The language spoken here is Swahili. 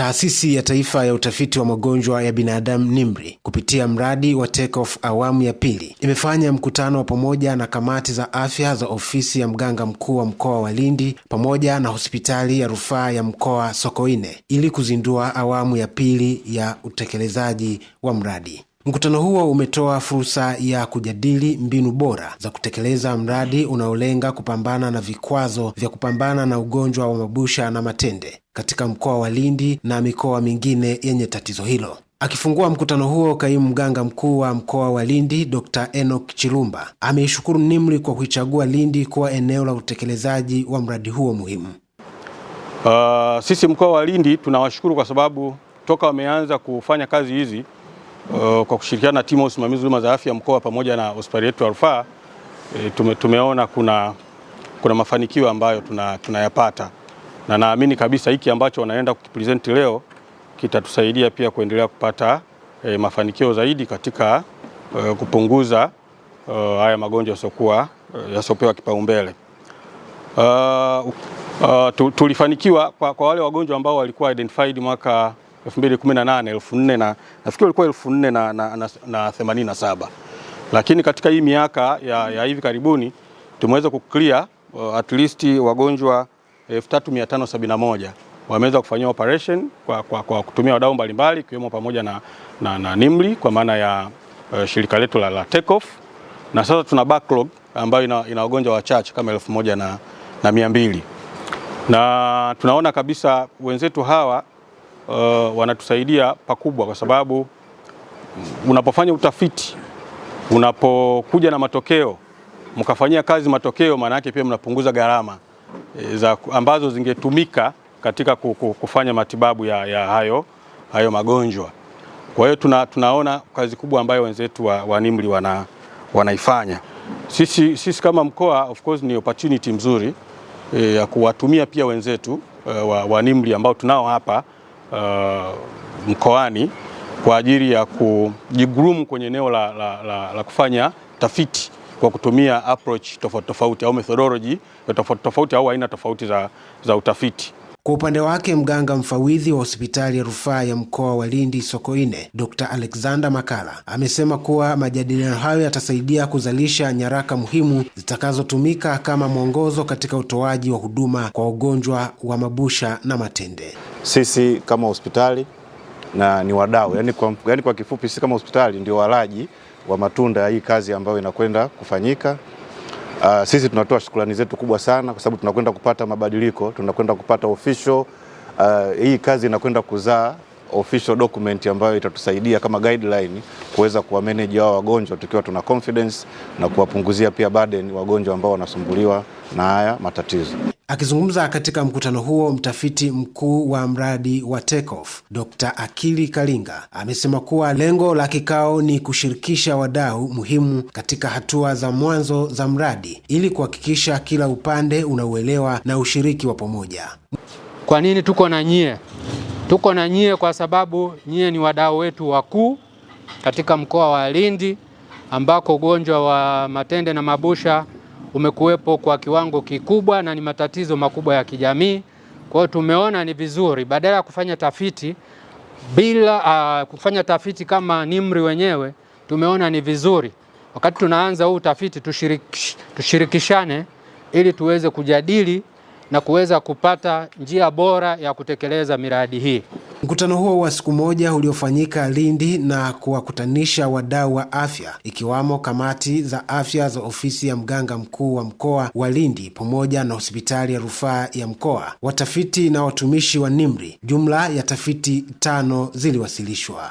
Taasisi ya Taifa ya Utafiti wa Magonjwa ya Binadamu NIMRI kupitia mradi wa TakeOff awamu ya pili imefanya mkutano wa pamoja na kamati za afya za ofisi ya mganga mkuu wa mkoa wa Lindi pamoja na hospitali ya rufaa ya mkoa Sokoine ili kuzindua awamu ya pili ya utekelezaji wa mradi. Mkutano huo umetoa fursa ya kujadili mbinu bora za kutekeleza mradi unaolenga kupambana na vikwazo vya kupambana na ugonjwa wa mabusha na matende katika mkoa wa Lindi na mikoa mingine yenye tatizo hilo. Akifungua mkutano huo, kaimu mganga mkuu wa mkoa wa Lindi Dr. Enoch Chilumba ameishukuru NIMR kwa kuichagua Lindi kuwa eneo la utekelezaji wa mradi huo muhimu. Uh, sisi mkoa wa Lindi tunawashukuru kwa sababu toka wameanza kufanya kazi hizi Eh, kwa kushirikiana na timu ya usimamizi huduma za afya mkoa pamoja na hospitali yetu ya rufaa e, tume, tumeona kuna, kuna mafanikio ambayo tunayapata tuna na naamini kabisa hiki ambacho wanaenda kukipresent leo kitatusaidia pia kuendelea kupata e, mafanikio zaidi katika e, kupunguza e, haya magonjwa yasiokuwa e, yasiopewa kipaumbele. Uh, uh, tulifanikiwa kwa, kwa wale wagonjwa ambao walikuwa identified mwaka 2018 1400 na nafikiri ilikuwa na, na, na, na lakini katika hii miaka ya, ya hivi karibuni tumeweza kuclear uh, at least wagonjwa 3571 wameweza kufanyia operation kwa, kwa, kwa kutumia wadau mbalimbali ikiwemo pamoja na, na, na NIMRI kwa maana ya uh, shirika letu la, la Takeoff na sasa tuna backlog ambayo ina, ina wagonjwa wachache kama elfu moja na, na mia mbili na tunaona kabisa wenzetu hawa uh, wanatusaidia pakubwa, kwa sababu unapofanya utafiti, unapokuja na matokeo mkafanyia kazi matokeo, maana yake pia mnapunguza gharama e, za ambazo zingetumika katika kufanya matibabu ya, ya hayo, hayo magonjwa. Kwa hiyo tuna, tunaona kazi kubwa ambayo wenzetu wa, wa NIMR wana, wanaifanya. Sisi, sisi kama mkoa of course ni opportunity mzuri eh, ya kuwatumia pia wenzetu e, wa, wa NIMR ambao tunao hapa uh, mkoani kwa ajili ya kujigurumu kwenye eneo la, la, la, la kufanya tafiti kwa kutumia approach tofauti tofauti au methodology tofauti tofauti au aina tofauti za, za utafiti. Kwa upande wake mganga mfawidhi wa hospitali ya rufaa ya mkoa wa Lindi Sokoine, Dr. Alexander Makala amesema kuwa majadiliano hayo yatasaidia kuzalisha nyaraka muhimu zitakazotumika kama mwongozo katika utoaji wa huduma kwa ugonjwa wa mabusha na matende sisi kama hospitali na ni wadau yani kwa, yani kwa kifupi sisi kama hospitali ndio walaji wa matunda ya hii kazi ambayo inakwenda kufanyika. Uh, sisi tunatoa shukrani zetu kubwa sana kwa sababu tunakwenda kupata mabadiliko, tunakwenda kupata official uh, hii kazi inakwenda kuzaa official document ambayo itatusaidia kama guideline kuweza kuwa manage wao wagonjwa tukiwa tuna confidence na kuwapunguzia pia burden wagonjwa ambao wanasumbuliwa na haya matatizo. Akizungumza katika mkutano huo, mtafiti mkuu wa mradi wa Takeoff Dr. Akili Kalinga amesema kuwa lengo la kikao ni kushirikisha wadau muhimu katika hatua za mwanzo za mradi ili kuhakikisha kila upande unauelewa na ushiriki wa pamoja. Kwa nini tuko na nyie? Tuko na nyie kwa sababu nyie ni wadau wetu wakuu katika mkoa wa Lindi ambako ugonjwa wa matende na mabusha umekuwepo kwa kiwango kikubwa na ni matatizo makubwa ya kijamii. Kwa hiyo tumeona ni vizuri badala ya kufanya tafiti bila uh, kufanya tafiti kama NIMRI wenyewe, tumeona ni vizuri wakati tunaanza huu utafiti tushirikishane ili tuweze kujadili na kuweza kupata njia bora ya kutekeleza miradi hii. Mkutano huo wa siku moja uliofanyika Lindi na kuwakutanisha wadau wa afya ikiwamo kamati za afya za ofisi ya mganga mkuu wa mkoa wa Lindi pamoja na hospitali ya rufaa ya mkoa, watafiti na watumishi wa NIMR. Jumla ya tafiti tano ziliwasilishwa.